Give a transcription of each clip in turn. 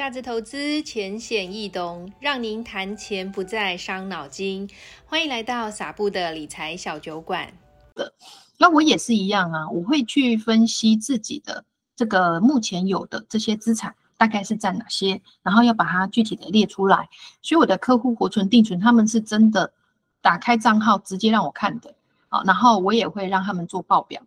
價值投資淺顯易懂，讓您談錢不再傷腦筋。歡迎來到撒布的理財小酒館。那我也是一樣啊，我會去分析自己的這個目前有的這些資產大概是佔哪些，然後要把它具體的列出來。所以我的客戶活存、定存，他們是真的打開賬號直接讓我看的啊，然後我也會讓他們做報表，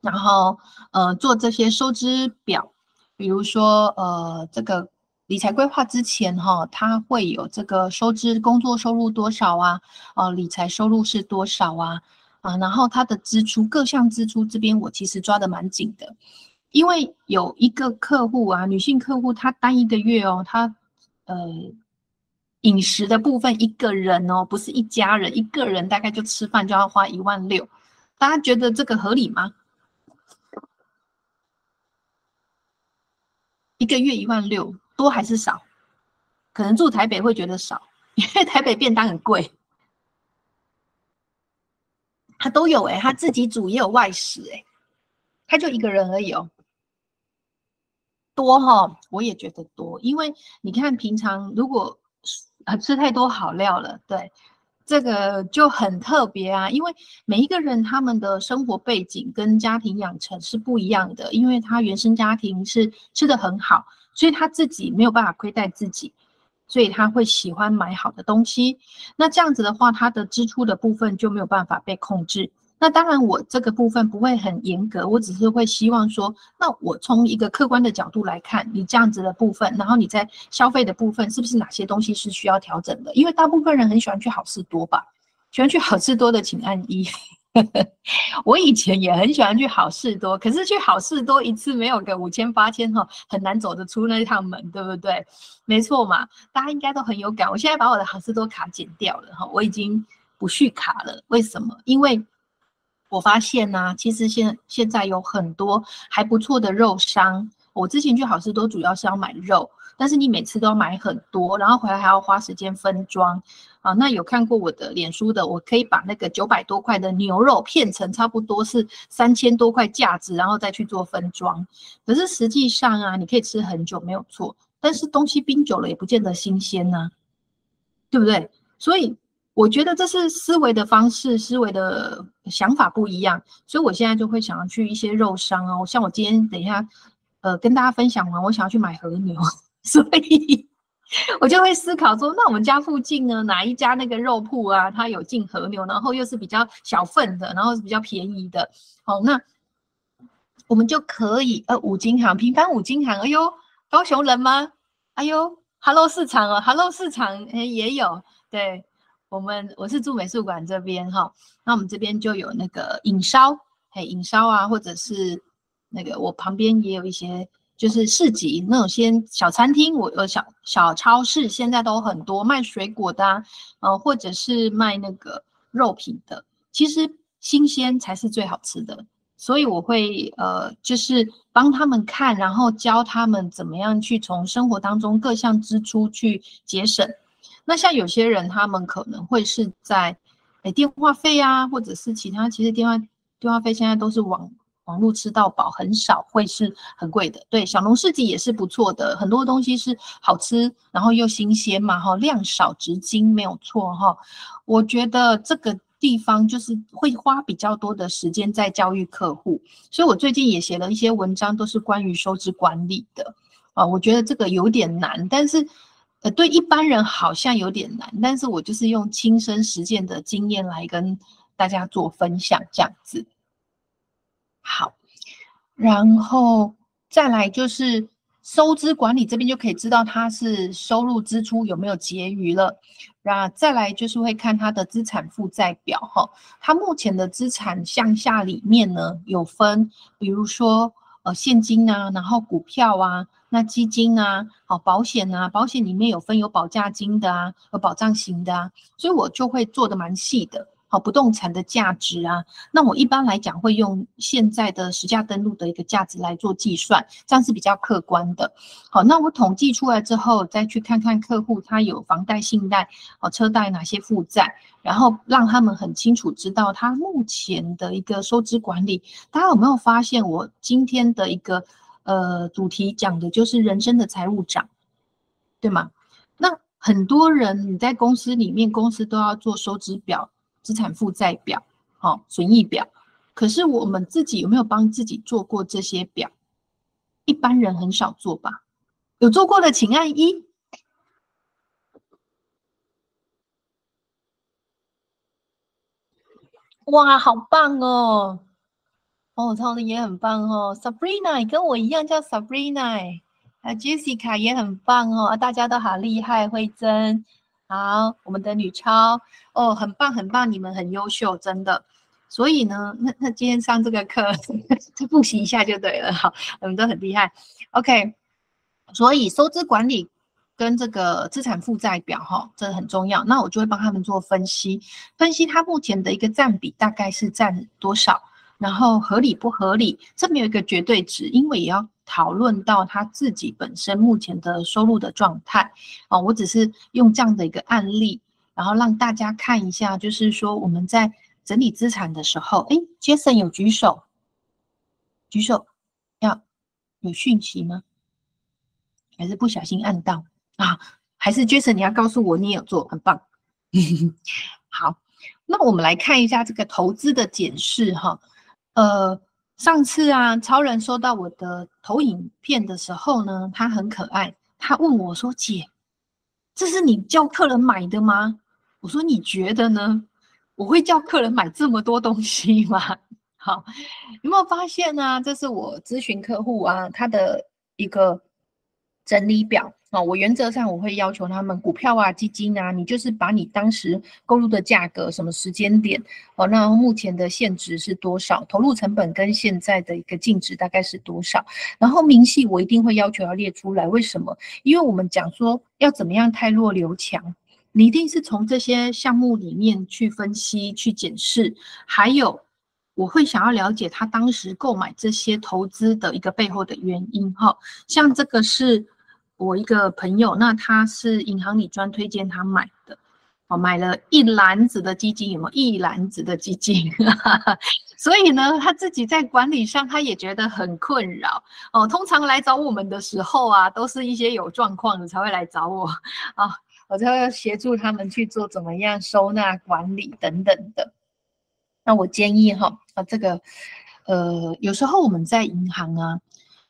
然後呃做這些收支表。比如說，呃，這個理財規劃之前哈、哦，他會有這個收支，工作收入多少啊？呃，理財收入是多少啊？啊，然後他的支出，各項支出這邊我其實抓的蠻緊的，因為有一個客戶啊，女性客戶，她單一個月哦，她呃飲食的部分一個人哦，不是一家人，一個人大概就吃飯就要花一萬六，大家覺得這個合理嗎？一個月一萬六，多還是少？可能住台北會覺得少，因為台北便當很貴。他都有欸，他自己煮也有外食欸，他就一個人而已哦。多齁，我也覺得多，因為你看平常如果呃吃太多好料了，對。這個就很特別啊，因為每一個人他們的生活背景跟家庭養成是不一樣的，因為他原生家庭是吃得很好，所以他自己沒有辦法虧待自己，所以他會喜歡買好的東西。那這樣子的話，他的支出的部分就沒有辦法被控制。那當然，我這個部分不會很嚴格，我只是會希望說，那我從一個客觀的角度來看，你這樣子的部分，然後你在消費的部分，是不是哪些東西是需要調整的？因為大部分人很喜歡去好事多吧，喜歡去好事多的請按一。 我以前也很喜歡去好事多，可是去好事多一次沒有個五千八千哈，很難走得出那一趟門，對不對？沒錯嘛，大家應該都很有感。我現在把我的好事多卡剪掉了哈，我已經不續卡了。為什麼？因為。我發現呢、啊，其實現現在有很多還不錯的肉商。我之前去好市多主要是要買肉，但是你每次都要買很多，然後回來還要花時間分裝。啊，那有看過我的臉書的，我可以把那個九百多塊的牛肉片成差不多是三千多塊價值，然後再去做分裝。可是實際上啊，你可以吃很久，沒有錯。但是東西冰久了也不見得新鮮呢、啊，對不對？所以我覺得這是思維的方式，思維的。想法不一樣，所以我現在就會想要去一些肉商啊、哦。像我今天等一下，呃，跟大家分享完，我想要去買和牛，所以我就會思考說，那我們家附近呢，哪一家那個肉鋪啊，它有進和牛，然後又是比較小份的，然後是比較便宜的。好，那我們就可以，呃，五金行，平凡五金行。哎呦，高雄人嗎？哎呦，Hello 市場哦，Hello 市場，欸，也有，對。我們我是住美術館這邊哈，那我們這邊就有那個影燒，嘿影燒啊，或者是那個我旁邊也有一些就是市集，那有些小餐廳，我有小小超市現在都很多賣水果的啊，呃，或者是賣那個肉品的。其實新鮮才是最好吃的，所以我會呃就是幫他們看，然後教他們怎麼樣去從生活當中各項支出去節省。那像有些人，他們可能會是在，誒電話費啊，或者是其他。其實電話電話費現在都是網網路吃到飽，很少會是很貴的。對，小農市集也是不錯的，很多東西是好吃，然後又新鮮嘛，哈、哦，量少質精沒有錯，哈、哦。我覺得這個地方就是會花比較多的時間在教育客戶，所以我最近也寫了一些文章，都是關於收支管理的，啊，我覺得這個有點難，但是。呃，對一般人好像有點難，但是我就是用親身實踐的經驗來跟大家做分享這樣子。好，然後再來就是收支管理這邊就可以知道它是收入支出有沒有結餘了。那再來就是會看它的資產負債表，哈、哦，它目前的資產項下裡面呢有分，比如說呃現金啊，然後股票啊。那基金啊，好，保險啊，保險裡面有分有保價金的啊，有保障型的啊，所以我就會做的蠻細的。好，不動產的價值啊，那我一般來講會用現在的實價登錄的一個價值來做計算，這樣是比較客觀的。好，那我統計出來之後，再去看看客戶他有房貸、信貸、好車貸哪些負債，然後讓他們很清楚知道他目前的一個收支管理。大家有沒有發現我今天的一個？呃，主題講的就是人生的財務長，對嗎？那很多人你在公司裡面，公司都要做收支表、資產負債表、好、哦、損益表，可是我們自己有沒有幫自己做過這些表？一般人很少做吧？有做過的請按一。哇，好棒哦！哦，他們也很棒哦，Sabrina 跟我一樣叫 Sabrina，誒啊，Jessica 也很棒哦，啊、大家都很厲害，慧珍，好，我們的女超，哦，很棒很棒，你們很優秀，真的，所以呢，那那今天上這個課，複習一下就對了，好，我們都很厲害，OK，所以收支管理跟這個資產負債表哈、哦，這很重要，那我就會幫他們做分析，分析它目前的一個佔比大概是占多少。然後合理不合理，這沒有一個絕對值，因為也要討論到他自己本身目前的收入的狀態啊、哦。我只是用這樣的一個案例，然後讓大家看一下，就是說我們在整理資產的時候，哎，Jason 有舉手，舉手，要有訊息嗎？還是不小心按到啊？還是 Jason 你要告訴我你也有做，很棒。 好，那我們來看一下這個投資的檢視哈。呃，上次啊，超人收到我的投影片的時候呢，他很可愛，他問我說：“姐，這是你叫客人買的嗎？”我說：“你覺得呢？我會叫客人買這麼多東西嗎？”好，有沒有發現呢，啊？這是我諮詢客戶啊，他的一個。整理表啊、哦，我原則上我會要求他們股票啊、基金啊，你就是把你當時購入的價格、什麼時間點，哦，那目前的現值是多少？投入成本跟現在的一個淨值大概是多少？然後明細我一定會要求要列出來。為什麼？因為我們講說要怎麼樣汰弱留強，你一定是從這些項目裡面去分析、去檢視。還有，我會想要了解他當時購買這些投資的一個背後的原因。哈、哦，像這個是。我一個朋友，那他是銀行理專推薦他買的，哦，買了一籃子的基金，有沒有一籃子的基金？ 所以呢，他自己在管理上他也覺得很困擾哦。通常來找我們的時候啊，都是一些有狀況的才會來找我啊、哦，我就會協助他們去做怎麼樣收納管理等等的。那我建議哈，啊、哦，這個，呃，有時候我們在銀行啊，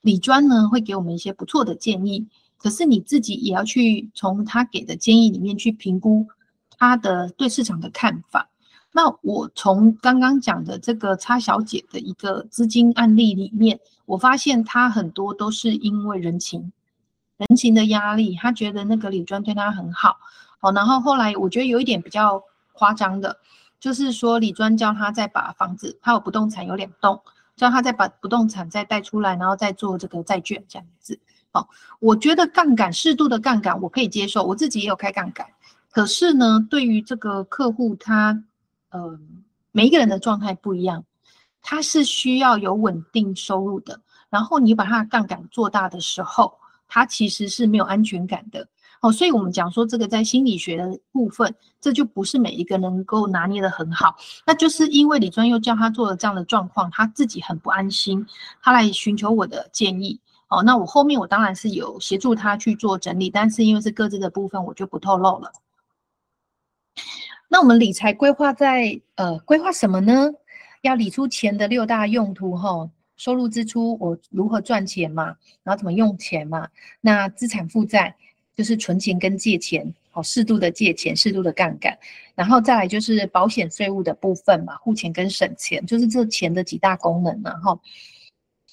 理專呢會給我們一些不錯的建議。可是你自己也要去從他給的建議裡面去評估他的對市場的看法。那我從剛剛講的這個差小姐的一個資金案例裡面，我發現她很多都是因為人情、人情的壓力，她覺得那個理專對她很好，好、哦。然後後來我覺得有一點比較誇張的，就是說理專叫他再把房子，他有不動產有兩棟，叫他再把不動產再帶出來，然後再做這個債券這樣子。哦，我覺得槓桿，適度的槓桿我可以接受，我自己也有開槓桿。可是呢，對於這個客戶他，他呃，每一個人的狀態不一樣，他是需要有穩定收入的。然後你把他的槓桿做大的時候，他其實是沒有安全感的。哦，所以我們講說這個在心理學的部分，這就不是每一個能夠拿捏得很好。那就是因為李專又叫他做了這樣的狀況，他自己很不安心，他來尋求我的建議。好、哦，那我後面我當然是有協助他去做整理，但是因為是各自的部分，我就不透露了。那我們理財規劃在呃規劃什麼呢？要理出錢的六大用途吼、哦，收入支出，我如何賺錢嘛，然後怎麼用錢嘛。那資產負債就是存錢跟借錢，好、哦、適度的借錢，適度的槓桿，然後再來就是保險稅務的部分嘛，護錢跟省錢，就是這錢的幾大功能了哈。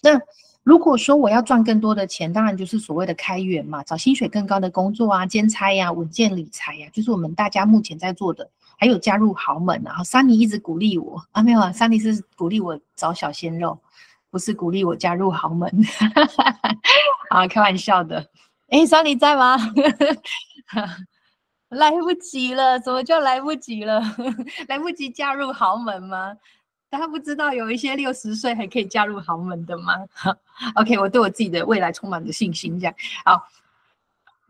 那。如果說我要賺更多的錢，當然就是所謂的開源嘛，找薪水更高的工作啊，兼差呀、啊，穩健理財呀、啊，就是我們大家目前在做的。還有加入豪門啊，珊妮一直鼓勵我啊，沒有啊，珊妮是鼓勵我找小鮮肉，不是鼓勵我加入豪門。 好，開玩笑的。哎、欸，珊妮在嗎？ 來不及了，怎麼就來不及了？ 來不及加入豪門嗎？但他不知道有一些六十歲還可以嫁入豪門的嗎 ？OK，我對我自己的未來充滿着信心。這樣好，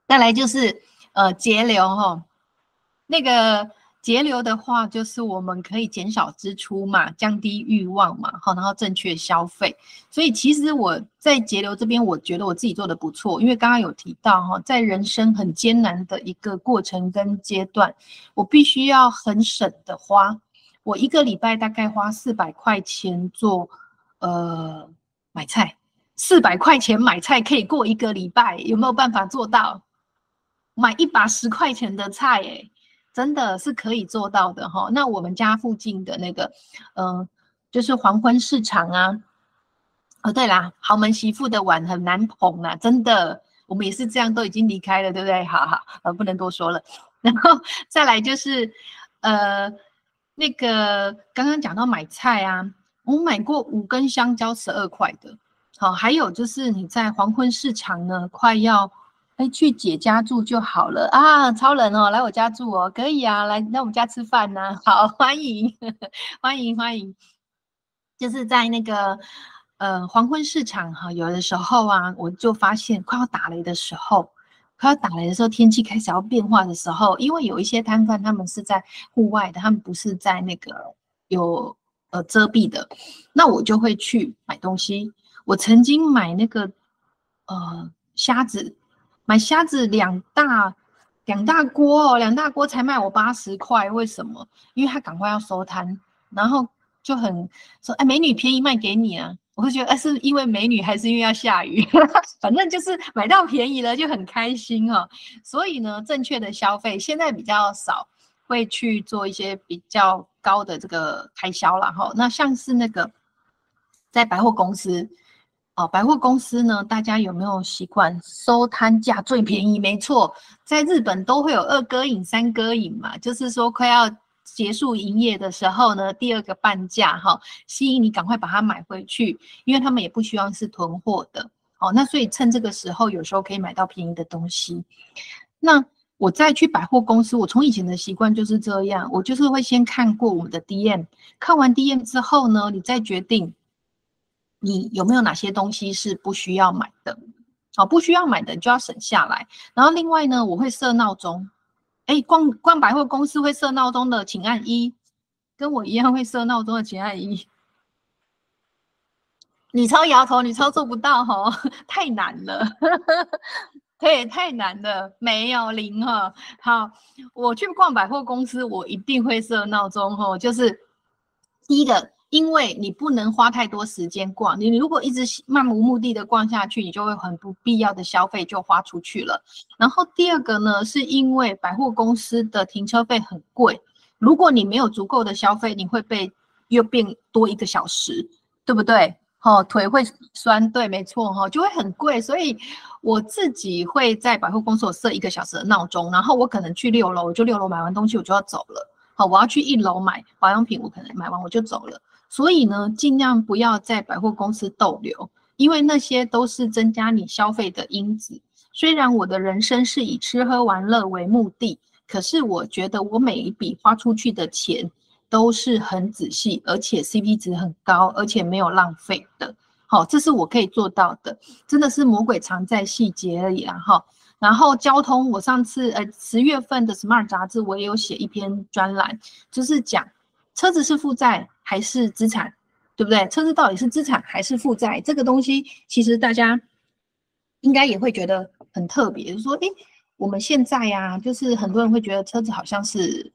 再來就是呃節流哈、哦，那個節流的話就是我們可以減少支出嘛，降低欲望嘛，好，然後正確消費。所以其實我在節流這邊，我覺得我自己做的不錯，因為剛剛有提到哈、哦，在人生很艱難的一個過程跟階段，我必須要很省的花。我一個禮拜大概花四百塊錢做，呃，買菜，四百塊錢買菜可以過一個禮拜，有沒有辦法做到？買一把十塊錢的菜、欸，誒，真的是可以做到的哈、哦。那我們家附近的那個，嗯、呃，就是黃昏市場啊。哦，對啦，豪門媳婦的碗很難捧啊，真的。我們也是這樣，都已經離開了，對不對？好好，呃，不能多說了。然後再來就是，呃。那個剛剛講到買菜啊，我買過五根香蕉十二塊的。好、哦，還有就是你在黃昏市場呢，快要哎去姐家住就好了啊，超人哦，來我家住哦，可以啊，來來我們家吃飯呢、啊，好歡迎呵呵歡迎歡迎，就是在那個呃黃昏市場哈、哦，有的時候啊，我就發現快要打雷的時候。快要打雷的時候，天氣開始要變化的時候，因為有一些攤販他們是在戶外的，他們不是在那個有呃遮蔽的，那我就會去買東西。我曾經買那個呃蝦子，買蝦子兩大兩大鍋哦、喔，兩大鍋才賣我八十塊，為什麼？因為他趕快要收攤，然後。就很說哎、欸，美女便宜賣給你啊！我會覺得、欸、是因為美女還是因為要下雨？ 反正就是買到便宜了就很開心哦。所以呢，正確的消費現在比較少，會去做一些比較高的這個開銷了哈。那像是那個在百貨公司哦，百貨公司呢，大家有沒有習慣收攤價最便宜？沒錯，在日本都會有二割引、三割引嘛，就是說快要。結束營業的時候呢，第二個半價哈、哦，吸引你趕快把它買回去，因為他們也不希望是囤貨的哦。那所以趁這個時候，有時候可以買到便宜的東西。那我再去百貨公司，我從以前的習慣就是這樣，我就是會先看過我們的 DM，看完 DM 之後呢，你再決定你有沒有哪些東西是不需要買的，好、哦，不需要買的你就要省下來。然後另外呢，我會設鬧鐘。哎、欸，逛逛百貨公司會設鬧鐘的，請按一。跟我一樣會設鬧鐘的，請按一。你超搖頭，你超做不到哦，太難了， 對，太難了，沒有零哈。0，好，我去逛百貨公司，我一定會設鬧鐘哦，就是第一個。因為你不能花太多時間逛，你如果一直漫無目的的逛下去，你就會很不必要的消費就花出去了。然後第二個呢，是因為百貨公司的停車費很貴，如果你沒有足夠的消費，你會被又變多一個小時，對不對？哦，腿會酸，對，沒錯，哈，哦，就會很貴。所以我自己會在百貨公司我設一個小時的鬧鐘，然後我可能去六樓，我就六樓買完東西我就要走了。好，我要去一樓買保養品，我可能買完我就走了。所以呢，盡量不要在百貨公司逗留，因為那些都是增加你消費的因子。雖然我的人生是以吃喝玩樂為目的，可是我覺得我每一筆花出去的錢都是很仔細，而且 CP 值很高，而且沒有浪費的。好，哦，這是我可以做到的，真的是魔鬼藏在細節裡啊，然後然後交通，我上次呃十月份的 Smart 雜誌我也有寫一篇專欄，就是講。車子是負債還是資產，對不對？車子到底是資產還是負債？這個東西其實大家應該也會覺得很特別，就是說，哎、欸，我們現在呀、啊，就是很多人會覺得車子好像是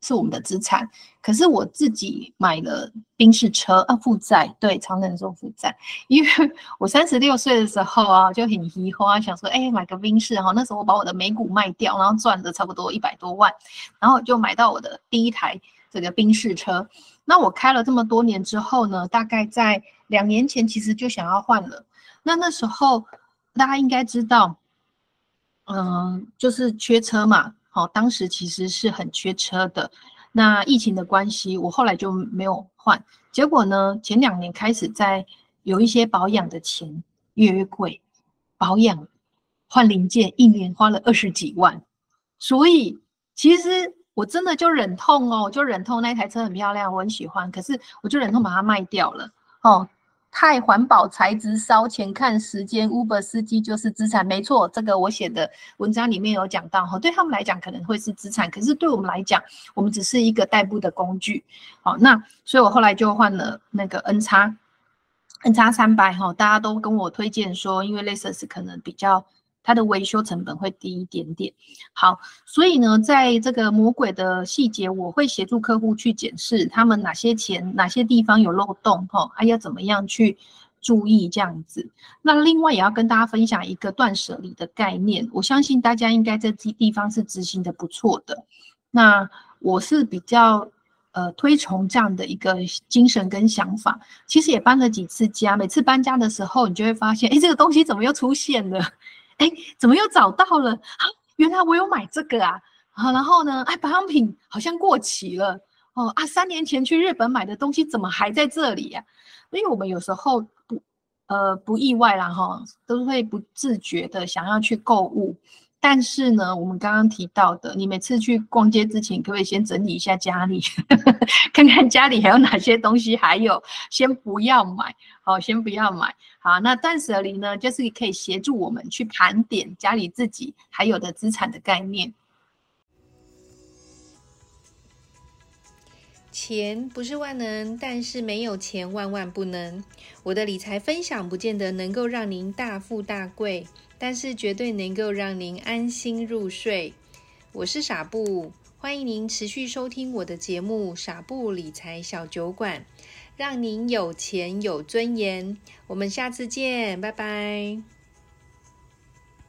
是我們的資產，可是我自己買了賓士車啊，負債，對，常人說負債，因為我三十六歲的時候啊，就很疑惑啊，想說，哎、欸，買個賓士哈、喔，那時候我把我的美股賣掉，然後賺了差不多一百多萬，然後就買到我的第一台。這個賓士車，那我開了這麼多年之後呢，大概在兩年前其實就想要換了。那那時候大家應該知道，嗯、呃，就是缺車嘛，好、哦，當時其實是很缺車的。那疫情的關係，我後來就沒有換。結果呢，前兩年開始在有一些保養的錢越來越貴，保養換零件一年花了二十幾萬，所以其實。我真的就忍痛哦，就忍痛，那台車很漂亮，我很喜歡，可是我就忍痛把它賣掉了哦。太環保材質燒錢看時間，Uber 司機就是資產，沒錯，這個我寫的文章裡面有講到哈、哦。對他們來講可能會是資產，可是對我們來講，我們只是一個代步的工具。好、哦，那所以我後來就換了那個 NX NX300 哈，大家都跟我推薦說，因為 Lexus 可能比較。它的維修成本會低一點點。好，所以呢，在這個魔鬼的細節，我會協助客戶去檢視他們哪些錢、哪些地方有漏洞，吼、哦，還、啊、要怎麼樣去注意這樣子。那另外也要跟大家分享一個斷捨離的概念。我相信大家應該在這地方是執行的不錯的。那我是比較呃推崇這樣的一個精神跟想法。其實也搬了幾次家，每次搬家的時候，你就會發現，哎、欸，這個東西怎麼又出現了？哎，怎麼又找到了？啊，原來我有買這個啊。好，啊，然後呢？哎，啊，保養品好像過期了。哦，啊，三年前去日本買的東西怎麼還在這裡呀？因為我們有時候不，呃，不意外，然後都會不自覺的想要去購物。但是呢，我們剛剛提到的，你每次去逛街之前，可不可以先整理一下家裡， 看看家裡還有哪些東西，還有先不要買，好，哦，先不要買，好，那斷舍離呢，就是可以協助我們去盤點家裡自己還有的資產的概念。錢不是萬能，但是沒有錢萬萬不能。我的理財分享不見得能夠讓您大富大貴，但是絕對能夠讓您安心入睡。我是傻布，歡迎您持續收聽我的節目《傻布理財小酒館》，讓您有錢有尊嚴。我們下次見，拜拜。